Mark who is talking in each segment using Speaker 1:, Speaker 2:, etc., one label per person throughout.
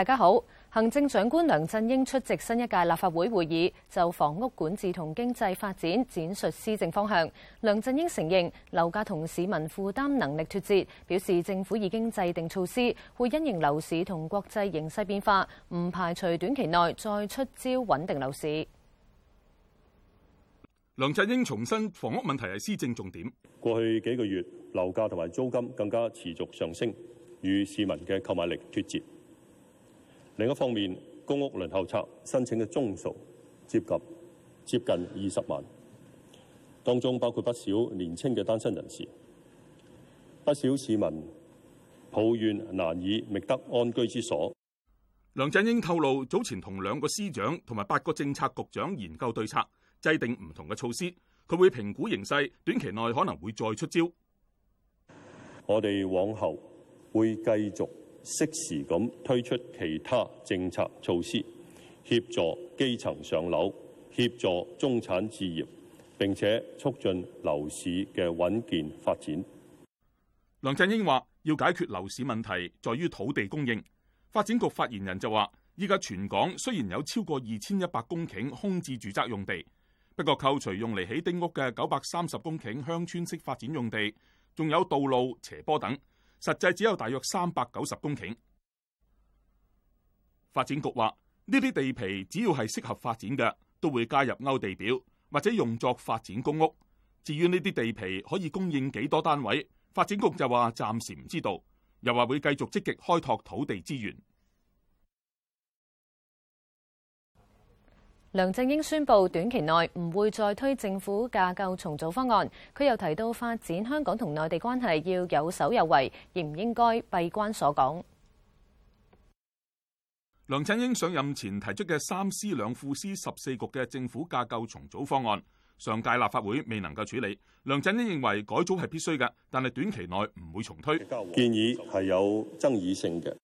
Speaker 1: 大家好，行政長官梁振英出席新一屆立法會會議，就房屋管治同經濟發展展述施政方向。梁振英承認樓價同市民負擔能力脱節，表示政府已經制定措施，會因應樓市同國際形勢變化，唔排除短期內再出招穩定樓市。
Speaker 2: 梁振英重申房屋問題係施政重點，
Speaker 3: 過去幾個月樓價同埋租金更加持續上升，與市民嘅購買力脱節。另一方面，公屋輪候冊申請嘅宗數接近接近二十萬，當中包括不少年輕嘅單身人士，不少市民抱怨
Speaker 2: 難以覓得安居之所。梁振英透露，早前同兩個司長同埋八個政策局長研究對策，制定唔同嘅措施。佢會評估形勢，短期內可能會再出招。
Speaker 3: 我哋往後會繼續。適時咁推出其他政策措施，協助基層上樓，協助中產置業，並且促進樓市嘅穩健發展。
Speaker 2: 梁振英話：要解決樓市問題，在於土地供應。發展局發言人就話：依家全港雖然有超過二千一百公頃空置住宅用地，不過扣除用嚟起丁屋嘅九百三十公頃鄉村式發展用地，仲有道路、斜坡等。實際只有大約三百九十公頃。發展局話：呢啲地皮只要係適合發展嘅，都會加入勾地表或者用作發展公屋。至於呢啲地皮可以供應幾多單位，發展局就話暫時唔知道，又話會繼續積極開拓土地資源。
Speaker 1: 梁振英宣布短期內唔會再推政府架構重組方案。佢又提到發展香港同內地關係要有守有為，亦唔應該閉關所講。
Speaker 2: 梁振英上任前提出嘅三司兩副司十四局嘅政府架構重組方案，上屆立法會未能夠處理。梁振英認為改組係必須嘅，但係短期內唔會重推。建議係
Speaker 3: 有爭議性嘅，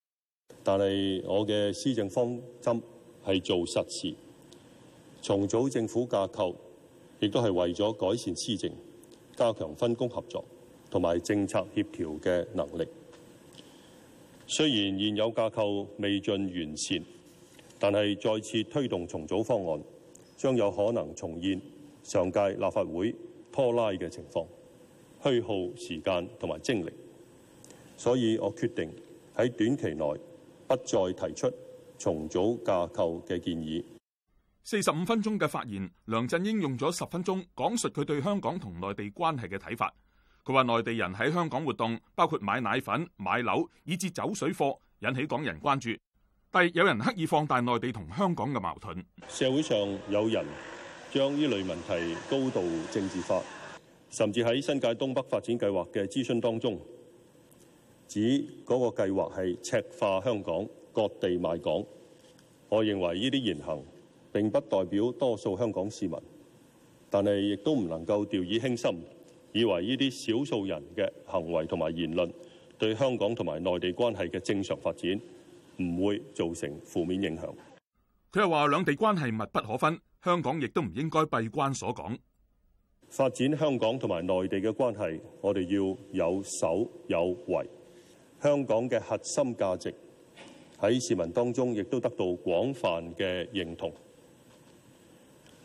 Speaker 3: 但係我嘅施政方針係做實事。重組政府架構，亦都係為咗改善施政、加強分工合作同埋政策協調嘅能力。雖然現有架構未盡完善，但係再次推動重組方案，將有可能重現上屆立法會拖拉嘅情況，虛耗時間同埋精力。所以我決定喺短期內不再提出重組架構嘅建
Speaker 2: 議。四十五分鐘嘅發言，梁振英用咗十分鐘講述佢對香港同內地關係嘅睇法。佢話：內地人喺香港活動，包括買奶粉、買樓，以至走水貨，引起港人關注。但有人刻意放大內地同香港嘅矛盾，
Speaker 3: 社會上有人將呢類問題高度政治化，甚至喺新界東北發展計劃嘅諮詢當中，指嗰個計劃係赤化香港、割地賣港。我認為呢啲言行，並不代表多數香港市民，但係亦都唔能夠掉以輕心，以為呢啲少數人嘅行為同埋言論對香港同埋內地關係嘅正常發展唔會造成負面影響。
Speaker 2: 佢又話：兩地關係密不可分，香港亦都唔應該閉關所講發展
Speaker 3: 香港同埋內地嘅關係，我哋要有守有為。香港嘅核心價值喺市民當中亦都得到廣泛嘅認同。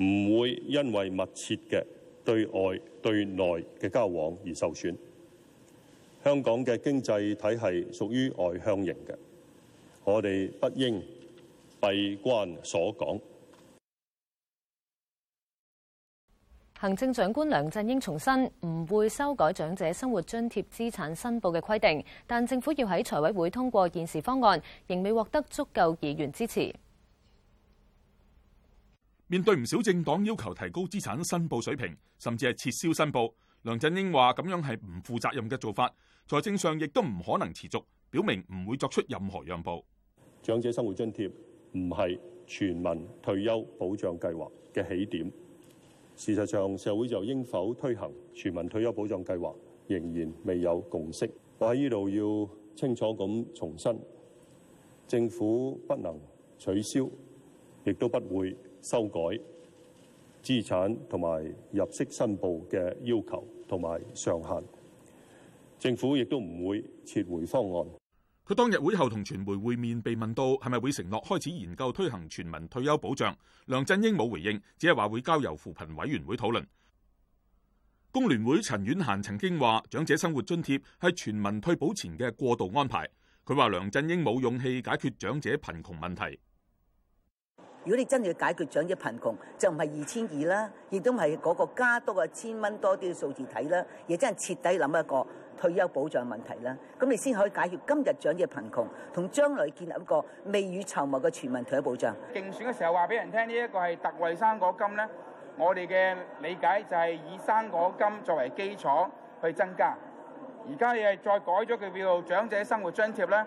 Speaker 3: 唔會因為密切嘅對外對內嘅交往而受損。香港嘅經濟體系屬於外向型嘅，我哋不應閉關鎖港。
Speaker 1: 行政長官梁振英重申，唔會修改長者生活津貼資產申報嘅規定，但政府要喺財委會通過現時方案，仍未獲得足夠議員支持。
Speaker 2: 面對唔少政黨要求提高資產申報水平，甚至係撤銷申報，梁振英話咁樣係唔負責任嘅做法，財政上亦都唔可能持續，表明唔會作出任何讓步。
Speaker 3: 長者生活津貼唔係全民退休保障計劃嘅起點，事實上社會就應否推行全民退休保障計劃，仍然未有共識。我喺呢度要清楚咁重申，政府不能取消，亦都不會修改資產同埋入息申報嘅要求同埋上限，政府亦都唔會撤回方案。
Speaker 2: 佢當日會後同傳媒會面，被問到係咪會承諾開始研究推行全民退休保障，梁振英冇回應，只係話會交由扶貧委員會討論。工聯會陳婉嫻曾經話，長者生活津貼係全民退保前嘅過渡安排。佢話梁振英冇勇氣解決長者貧窮問題。
Speaker 1: 如果你真係要解決長者貧窮，就唔係二千二啦，亦都唔係嗰個加多個千蚊多啲嘅數字睇啦，亦真係徹底諗一個退休保障問題啦。咁你先可以解決今日長者貧窮，同將來建立一個未雨綢繆嘅全民退休保障。
Speaker 2: 競選嘅時候話俾人聽呢一個係特惠生果金咧，我哋嘅理解就係以生果金作為基礎去增加。而家你係再改咗佢叫做長者生活津貼咧？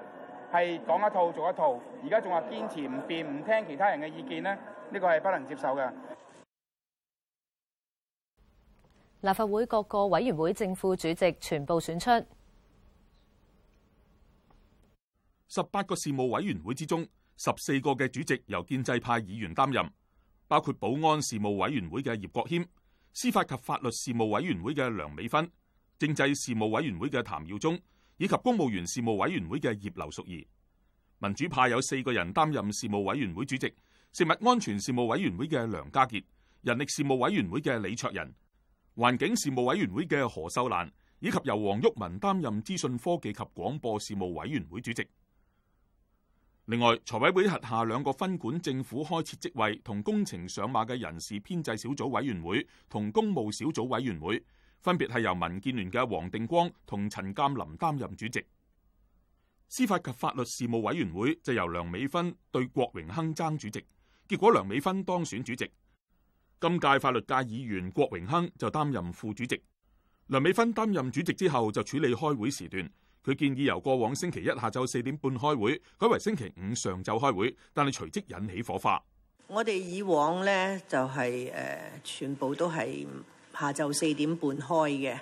Speaker 2: 係講一套做一套，而家仲話堅持唔變，唔聽其他人嘅意見呢，呢個係不能接受
Speaker 1: 嘅。立法會各個委員會正副主席全部選出，
Speaker 2: 十八個事務委員會之中，十四個嘅主席由建制派議員擔任，包括保安事務委員會嘅葉國謙、司法及法律事務委員會嘅梁美芬、政制事務委員會嘅譚耀宗。以及公務員事務委員會嘅葉劉淑儀，民主派有四個人擔任事務委員會主席，食物安全事務委員會嘅梁家傑，人力事務委員會嘅李卓人、環境事務委員會嘅何秀蘭，以及由黃毓民擔任資訊科技及廣播事務委員會主席。另外，財委會轄下兩個分管政府開設職位同工程上馬嘅人事編制小組委員會同公務小組委員會。分別係由民建聯嘅黃定光同陳鑑林擔任主席，司法及法律事務委員會就由梁美芬對郭榮鏗爭主席，結果梁美芬當選主席。今屆法律界議員郭榮鏗就擔任副主席，梁美芬擔任主席之後就處理開會時段，佢建議由過往星期一下晝四點半開會，改為星期五上晝開會，但係隨即引起火花。
Speaker 1: 我哋以往呢，就係誒全部都係下晝四點半開嘅，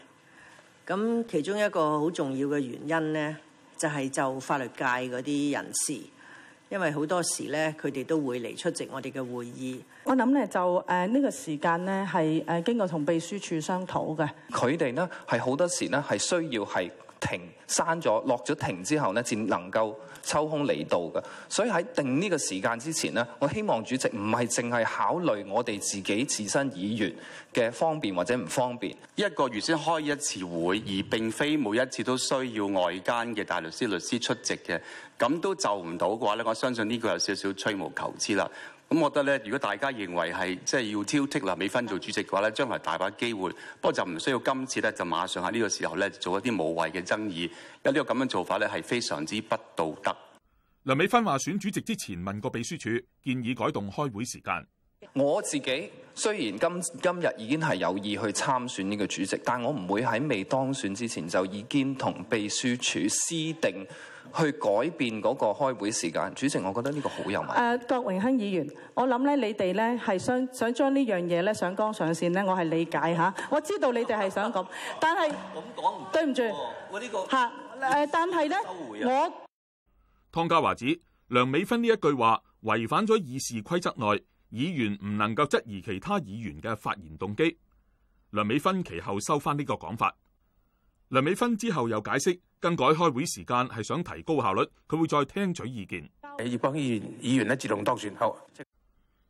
Speaker 1: 咁其中一個好重要嘅原因咧，就係、是、就法律界嗰啲人士，因為好多時咧，佢哋都會嚟出席我哋嘅會議。
Speaker 3: 我諗咧就誒呢、呃呢個時間咧係誒經過同秘書處商討
Speaker 1: 嘅，佢哋呢，係好多時呢，係需要係。停，閂咗落咗停之後呢，才能夠抽空嚟到嘅。所以喺定呢個時間之前呢，我希望主席唔係淨係考慮我哋自己自身議員嘅方便或者唔方便，
Speaker 3: 一個月先開一次會，而並非每一次都需要外間嘅大律師、律師出席嘅。咁都就唔到嘅話呢，我相信呢個有少少吹毛求疵啦。咁我覺得咧，如果大家認為係即係要挑剔梁美芬做主席嘅話咧，將來大把機會。不過就唔需要今次咧，就馬上喺呢個時候咧做一啲無謂嘅爭議，因為呢個咁樣做法咧係非常
Speaker 2: 之不道德。梁美芬話：選主席之前問過秘書處，建議改動開會時間。
Speaker 1: 我自己雖然今今日已經係有意去參選呢個主席，但我唔會喺未當選之前就已經同秘書處私定去改變嗰個開會時間，主席，我覺得呢個好有問題。誒，郭榮鏗議員，我諗
Speaker 3: 咧，你哋咧係想想將呢樣嘢咧上綱上線咧，我係理解嚇。我知道你哋係想咁，但係咁講對唔住，嚇、啊、誒、啊，但係咧，
Speaker 2: 我湯家驊指梁美芬呢一句話違反咗議事規則內，議員唔能夠質疑其他議員嘅發言動機。梁美芬其後收返呢個講法。梁美芬之後又解釋更改開會時間係想提高效率，佢會再聽取意見。要幫議員議員咧自動當選後。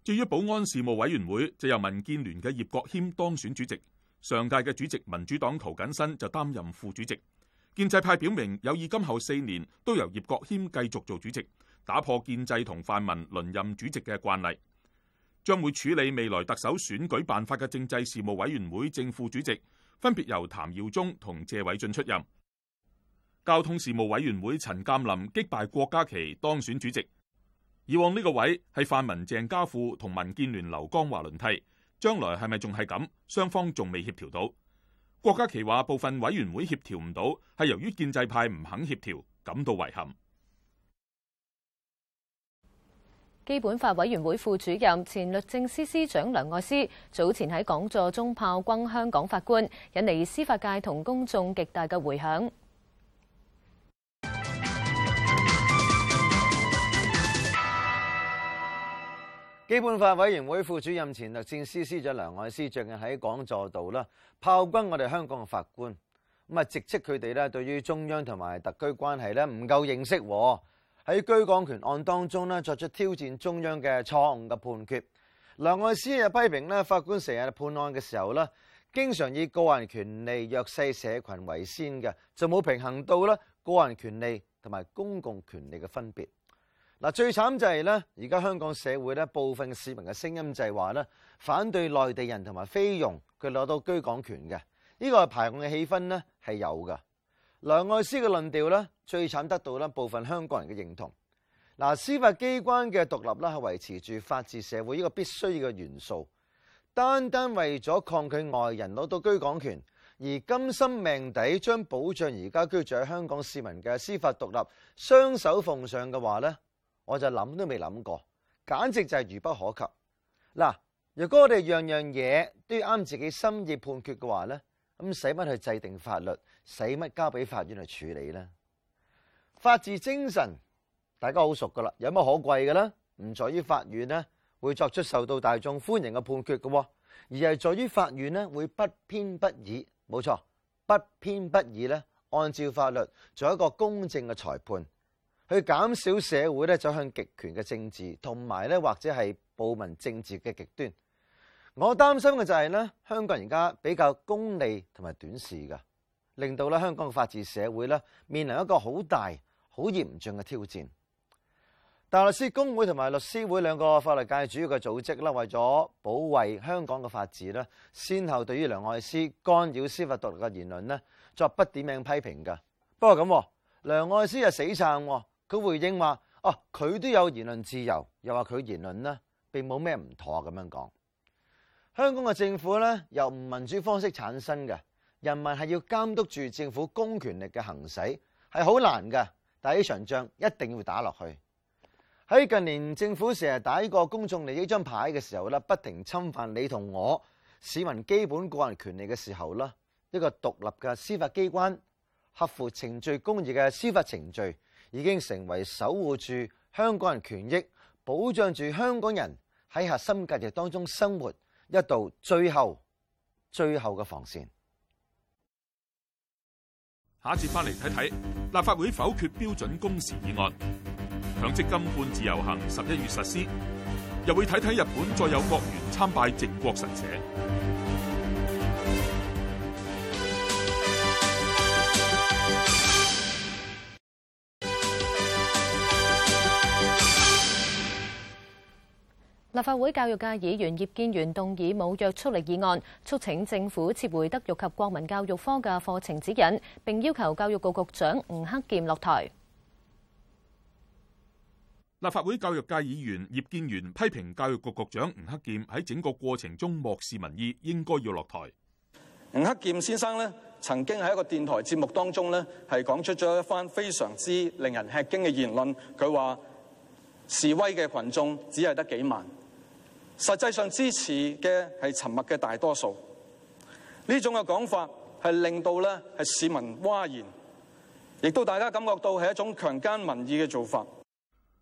Speaker 2: 至於保安事務委員會，就由民建聯嘅葉國謙當選主席，上屆嘅主席民主黨涂謹申就擔任副主席。建制派表明有意今後四年都由葉國謙繼續做主席，打破建制同泛民輪任主席嘅慣例。將會處理未來特首選舉辦法嘅政制事務委員會正副主席，分別由譚耀宗同謝偉俊出任交通事務委員會，陳鑑林擊敗郭家麒當選主席。以往呢個位係泛民鄭家富同民建聯劉江華輪替，將來係咪仲係咁？雙方仲未協調到。郭家麒話部分委員會協調唔到，係由於建制派唔肯協調，感到遺憾。
Speaker 1: 基本法委員會副主任、前律政司司長梁愛詩早前喺講座中炮轟香港法官，引嚟司法界同公眾極大嘅迴響。
Speaker 4: 基本法委員會副主任、前律政司司長梁愛詩最近喺講座度啦，炮轟我哋香港嘅法官，咁啊直斥佢哋咧對於中央同埋特區關係咧唔夠認識。喺居港權案當中咧，作出挑戰中央嘅錯誤嘅判決。梁愛詩又批評咧，法官成日判案嘅時候咧，經常以個人權利、弱勢社群為先嘅，就冇平衡到咧個人權利同埋公共權利嘅分別。嗱，最慘就係咧，而家香港社會咧，部分市民嘅聲音就係話咧，反對內地人同埋菲傭佢攞到居港權嘅，呢個排控嘅氣氛咧係有㗎。梁愛詩嘅論調咧，最慘得到咧部分香港人嘅認同。嗱，司法機關嘅獨立咧係維持住法治社會一個必須嘅元素。單單為咗抗拒外人攞到居港權，而甘心命抵將保障而家居住喺香港市民嘅司法獨立雙手奉上嘅話咧，我就諗都未諗過，簡直就係愚不可及。嗱，如果我哋樣樣嘢都要啱自己心意判決嘅話咧？咁使乜去制定法律？使乜交俾法院去處理呢？法治精神大家好熟噶啦，有乜可貴嘅咧？唔在於法院呢會作出受到大眾歡迎嘅判決嘅，而係在於法院呢會不偏不倚，冇錯，不偏不倚咧，按照法律做一個公正嘅裁判，去減少社會咧走向極權嘅政治，同埋咧或者係暴民政治嘅極端。我擔心嘅就係咧，香港而家比較功利同埋短視嘅，令到咧香港嘅法治社會咧面臨一個好大、好嚴峻嘅挑戰。大律師公會同埋律師會兩個法律界主要嘅組織咧，為咗保衛香港嘅法治咧，先後對於梁愛詩干擾司法獨立嘅言論咧作不點名批評嘅。不過咁，梁愛詩就死撐，佢回應話：，哦、啊，佢都有言論自由，又話佢言論呢並冇咩唔妥咁樣講。香港嘅政府咧，由唔民主方式產生嘅人民係要監督住政府公權力嘅行使係好難嘅。但係呢場仗一定要打落去。喺近年政府成日打呢個公眾利益張牌嘅時候咧，不停侵犯你同我市民基本個人權利嘅時候啦，一個獨立嘅司法機關合乎程序公義嘅司法程序已經成為守護住香港人權益、保障住香港人喺核心價值當中生活，一道最後、最後嘅防線。
Speaker 2: 下一節翻嚟睇睇，立法會否決標準工時議案，強積金半自由行十一月實施，又會睇睇日本再有閣員參拜靖國神社。
Speaker 1: 立法會教育界議員葉建源動議冇約束力議案，促請政府撤回德育及國民教育科嘅課程指引，並要求教育局局長吳克儉落台。
Speaker 2: 立法會教育界議員葉建源批評教育局局長吳克儉喺整個過程中漠視民意，應該要落台。吳克儉先生咧，曾經喺一個電台節目當中咧，係講出咗一番非常之令人吃驚嘅言論，佢話示威嘅群眾只係得幾萬。實際上支持嘅係沉默嘅大多數，呢種嘅講法係令到呢係市民譁然，亦都大家感覺到係一種強姦民意嘅做法。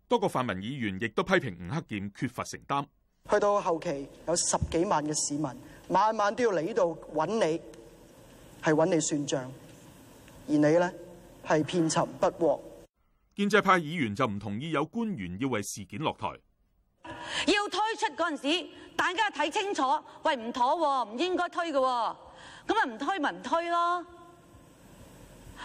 Speaker 2: 多個泛民議員亦都批評吳克儉缺乏承擔。
Speaker 3: 去到後期有十幾萬嘅市民，晚晚都要嚟呢度揾你，係揾你算賬，而你呢係遍尋不獲。
Speaker 2: 建制派議員就唔同意有官員要為事件落台。
Speaker 1: 要推出嗰陣時，大家睇清楚，喂，唔妥，唔應該推嘅，咁啊唔推咪唔推咯。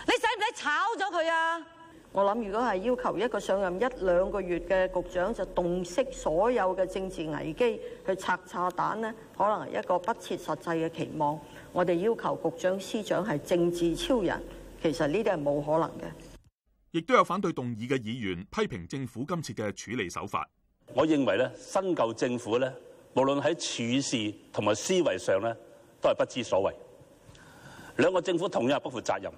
Speaker 1: 你使唔使炒咗佢啊？我諗如果係要求一個上任一兩個月嘅局長就洞悉所有嘅政治危機去拆炸彈呢，可能係一個不切實際嘅期望。我哋要求局長、司長係政治超人，其實呢啲係冇可能嘅。
Speaker 2: 亦都有反對動議嘅議員批評政府今次嘅處理手法。我認為咧，新舊政府
Speaker 3: 咧，無論喺處事同埋思維上咧，都係不知所謂。兩個政府同樣係不負責任，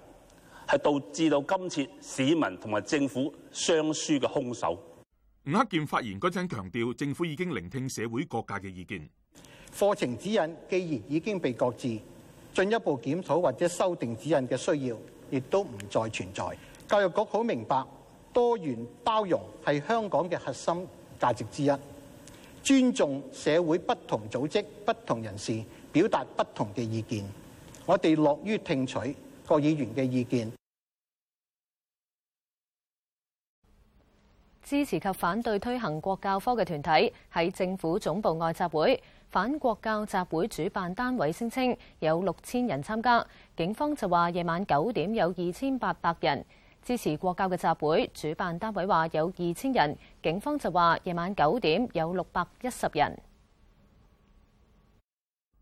Speaker 3: 係導致到今次市民同埋政府雙輸嘅兇手。
Speaker 2: 吳克儉發言嗰陣強調，政府已經聆聽社會
Speaker 4: 各界嘅意見。課程指引既然已經被擱置，進一步檢討或者修訂指引嘅需要，亦都唔再存在。教育局好明白多元包容係香港嘅核心。價值之一，尊重社會不同組織、不同人士表達不同嘅意見。我哋樂於聽取各議員嘅意見。
Speaker 1: 支持及反對推行國教科嘅團體喺政府總部外集會，反國教集會主辦單位聲稱有六千人參加，警方就話夜晚九點有二千八百人。支持國教嘅集會，主辦單位話有二千人，警方就話夜晚九點有六百一十人。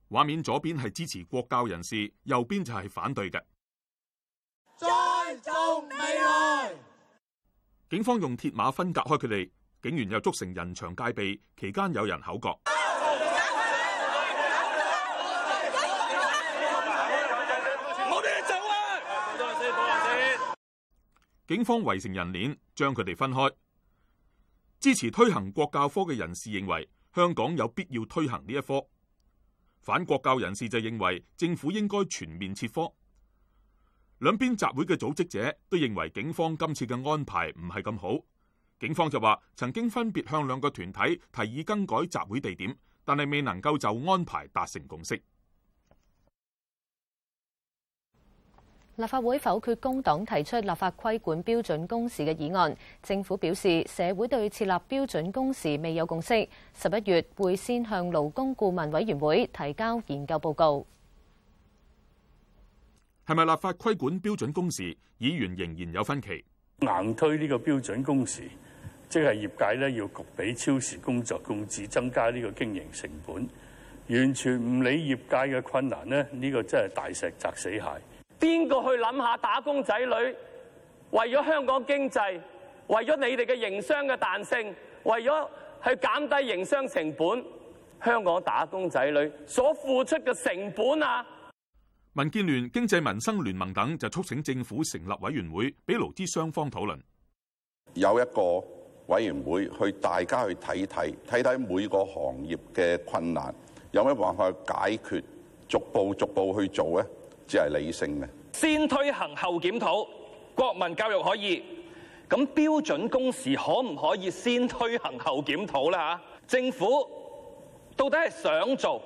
Speaker 2: 畫面左邊係支持國教人士，右邊就係反對嘅。
Speaker 4: 再造未來。
Speaker 2: 警方用鐵馬分隔開佢哋，警員又築成人牆戒備，期間有人口角。警方圍成人鏈，將佢哋分開。支持推行國教科嘅人士認為香港有必要推行呢一科，反國教人士就認為政府應該全面撤科。兩邊集會嘅組織者都認為警方今次嘅安排唔係咁好。警方就話曾經分別向兩個團體提議更改集會地點，但係未能夠就安排達成共識。
Speaker 1: 立法會否決工黨提出立法規管標準工時嘅議案，政府表示社會對設立標準工時未有共識，十一月會先向勞工顧問委員會提交研究報告。
Speaker 2: 係咪立法規管標準工時？議員仍然有分歧，硬推呢個標準工時，即係業界咧要焗俾超時工作工資增加呢個
Speaker 3: 經營成本，完全唔理業界嘅困難咧，呢、呢個真係大石砸死蟹。邊個去諗下打工仔女為咗香港經濟，為咗你哋嘅營商嘅彈性，為咗去減低營商成本，香港打工仔女所付出嘅成本啊！
Speaker 2: 民建聯、經濟民生聯盟等就促請政府成立委員會，俾勞資雙方討論。
Speaker 3: 有一個委員會去大家去睇睇，睇睇每個行業嘅困難，有咩辦法解決？逐步逐步去做咧。只係理性咩？先推行後檢討，國民教育可以，咁標準工時可唔可以先推行後檢討呢？吓，政府到底係想做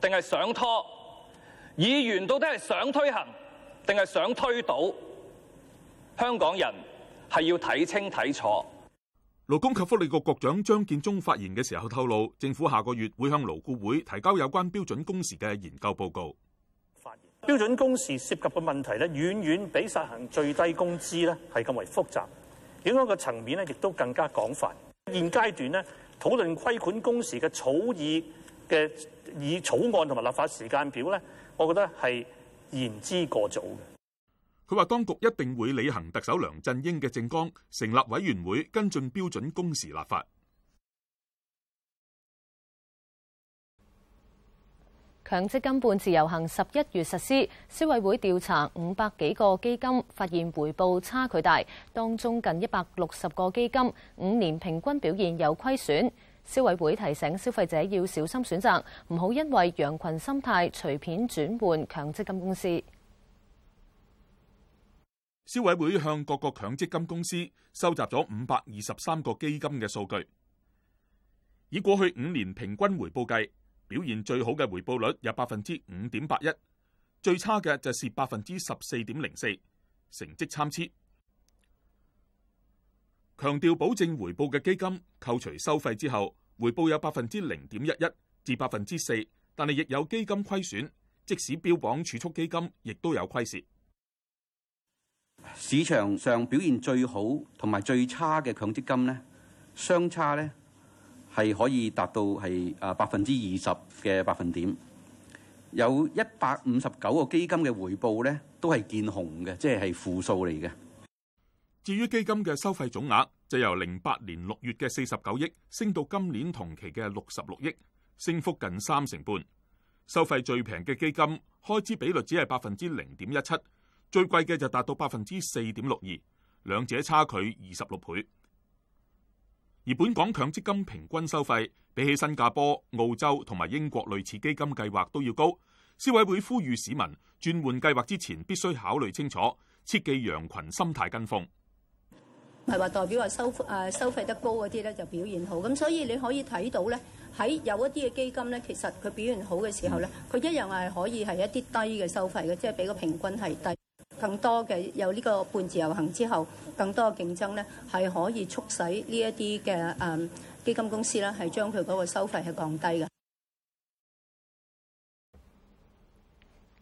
Speaker 3: 定係想拖？議員到底係想推行定係想推倒？香港人係要睇清睇
Speaker 2: 楚。勞工及福利局局，局長張建宗發言嘅時候透露，政府下個月會向勞顧會提交有關標準工時嘅研究報告。
Speaker 3: 標準工時涉及嘅問題咧，遠遠比實行最低工資咧係更為複雜，影響嘅層面咧亦都更加廣泛。現階段呢，討論規管工時嘅草擬嘅以草案同埋立法時間表咧，我覺得係言之
Speaker 2: 過早嘅。佢話，當局一定會履行特首梁振英嘅政綱，成立委員會跟進標準工時立法。
Speaker 1: 強積金半自由行十一月實施，消委會調查五百幾個基金，發現回報差距大，當中近一百六十個基金五年平均表現有虧損。消委會提醒消費者要小心選擇，唔好因為羊群心態隨便轉換強積金公司。
Speaker 2: 消委會向各個強積金公司收集咗五百二十三個基金嘅數據，以過去五年平均回報計。表現最好嘅回報率有百分之五點八一，最差嘅就係百分之十四點零四，成績參差。強調保證回報嘅基金扣除收費之後，回報有百分之零點一一至百分之四，但係亦有基金虧損，即使標榜儲蓄基金，亦都有虧蝕。
Speaker 3: 市場上表現最好同埋最差嘅強積金呢，相差呢。係可以達到係，啊百分
Speaker 2: 之二十嘅百分點，有一百五十九個基金嘅回報咧，都係見紅嘅，即係係負數嚟嘅。至於基金嘅收費總額，就由零八年六月嘅四十九億升到今年同期嘅六十六億，升幅近三成半。收費最平嘅基金開支比率只係百分之零點一七，最貴嘅就達到百分之四點六二，兩者差距二十六倍。而本港強積金平均收費比起新加坡、澳洲同埋英國類似基金計劃都要高，消委會呼籲市民轉換計劃之前必須考慮清楚，切忌羊群心態跟風。
Speaker 1: 唔係話代表話收誒收費得高嗰啲咧就表現好，咁所以你可以睇到咧，喺有一啲嘅基金咧，其實佢表現好嘅時候咧，佢一樣係可以係一啲低嘅收費嘅，即係畀個平均係低。更多嘅有呢個半自由行之後，更多嘅競爭咧，係可以促使呢一啲嘅誒基金公司咧，係將佢嗰個收費係降低嘅。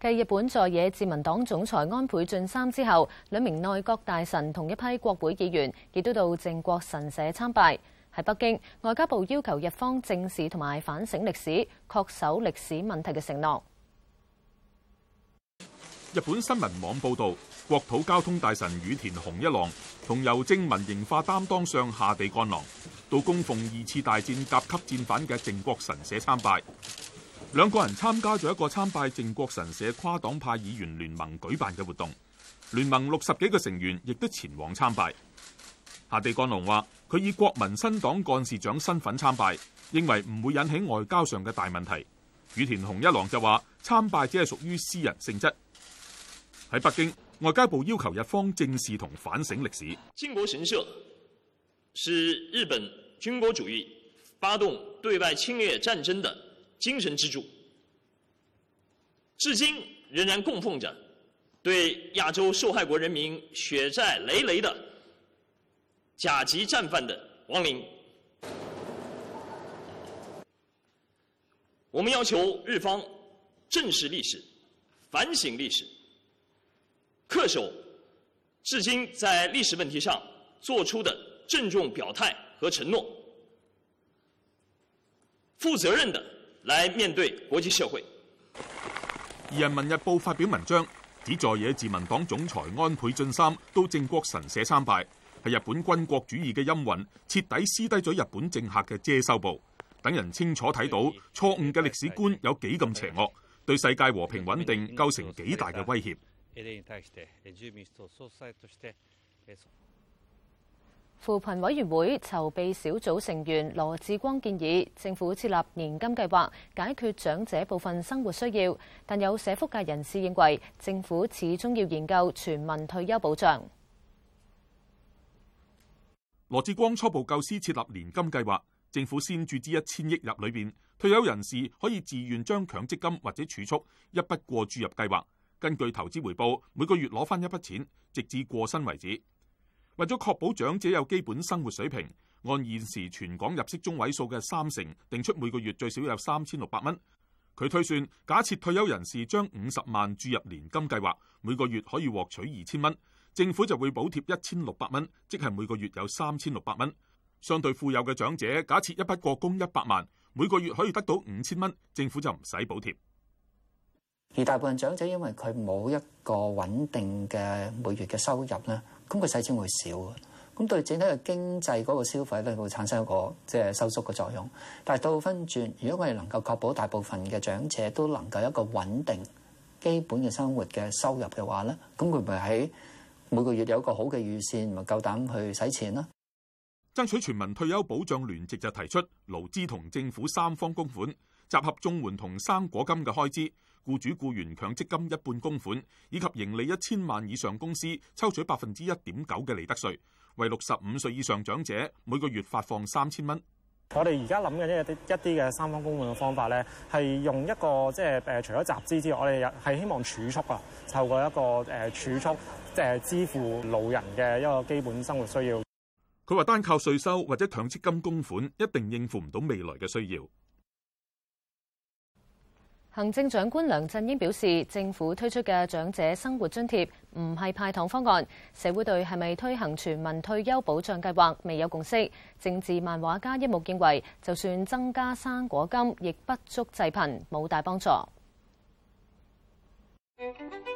Speaker 1: 繼日本在野自民黨總裁安倍晉三之後，兩名內閣大臣同一批國會議員亦都到靖國神社參拜。喺北京，外交部要求日方正視同埋反省歷史，確守歷史問題嘅承諾。
Speaker 2: 日本新聞網報道，國土交通大臣羽田雄一郎同郵政民營化擔當上下地幹郎到供奉二次大戰甲級戰犯嘅靖國神社參拜。兩個人參加咗一個參拜靖國神社跨黨派議員聯盟舉辦嘅活動，聯盟六十幾個成員亦都前往參拜。下地幹郎話，佢以國民新黨幹事長身份參拜，認為唔會引起外交上嘅大問題。羽田雄一郎就話，參拜只係屬於私人性質。在北京，外交部要求日方正視同反省歷史。靖國神社
Speaker 3: 是日本軍國主義發動對外侵略戰爭的
Speaker 2: 精神支柱，至今仍然供奉着對亞洲受害國人民血債累累的甲
Speaker 3: 級戰犯的亡靈。我們要求日方正視歷史、反省歷史。
Speaker 2: 恪守至今在歷史問題上作出的鄭重表態和承諾，負責任的
Speaker 3: 來面對國際社會。
Speaker 2: 《人民日報》發表文章，指在野自民黨總裁安倍晉三到靖國神社參拜，係日本軍國主義嘅陰魂，徹底撕低咗日本政客嘅遮羞布，等人清楚睇到錯誤嘅歷史觀有幾咁邪惡，對世界和平穩定構成幾大嘅威脅。扶
Speaker 1: 貧委員會籌備小組成員羅致光建議，政府設立年金計劃，解決長者部分生活需要。但有社福界人士認為，政府始終要研究全民退休保障。
Speaker 2: 羅致光初步構思設立年金計劃，政府先注資一千億入裏邊，退休人士可以自願將強積金或者儲蓄一筆過注入計劃。根據投資回報，每個月攞返一筆錢，直至過身為止。為咗確保長者有基本生活水平，按現時全港入息中位數嘅三成，定出每個月最少有三千六百蚊。佢推算，假設退休人士將五十萬注入年金計劃，每個月可以獲取二千蚊，政府就會補貼一千六百蚊，即係每個月有三千六百蚊。相對富有嘅長者，假設一筆過供一百萬，每個月可以得到五千蚊，政府就唔使補貼。
Speaker 3: 而大部分長者因為佢冇一個穩定嘅每月嘅收入咧，咁佢使錢會少嘅。咁對整體嘅經濟嗰個消費咧，會產生一個即係收縮嘅作用。但係倒翻轉，如果佢哋能夠確保大部分嘅長者都能夠一個穩定基本嘅生活嘅收入嘅話咧，咁佢唔係喺每個月有一個好嘅預算，咪夠膽去使錢啦。
Speaker 2: 爭取全民退休保障聯席就提出，勞資同政府三方供款集合綜援同生果金嘅開支。僱主僱員強積金一半公款，以及盈利一千萬以上公司抽取百分之一點九嘅利得稅，為六十五歲以上長者每個月發放三千蚊。
Speaker 3: 我哋而家諗嘅呢一啲一啲嘅三方公款嘅方法咧，係用一個即係誒除咗集資之外，我哋係希望儲蓄啊，透過一個誒儲蓄即係支付老人嘅一個基本生活需要。
Speaker 2: 佢話單靠稅收或者強積金公款一定應付唔到未來嘅需要。
Speaker 1: 行政長官梁振英表示，政府推出嘅長者生活津貼唔係派糖方案。社會對係咪推行全民退休保障計劃未有共識。政治漫畫家一目認為，就算增加生果金，亦不足濟貧，冇大幫助。嗯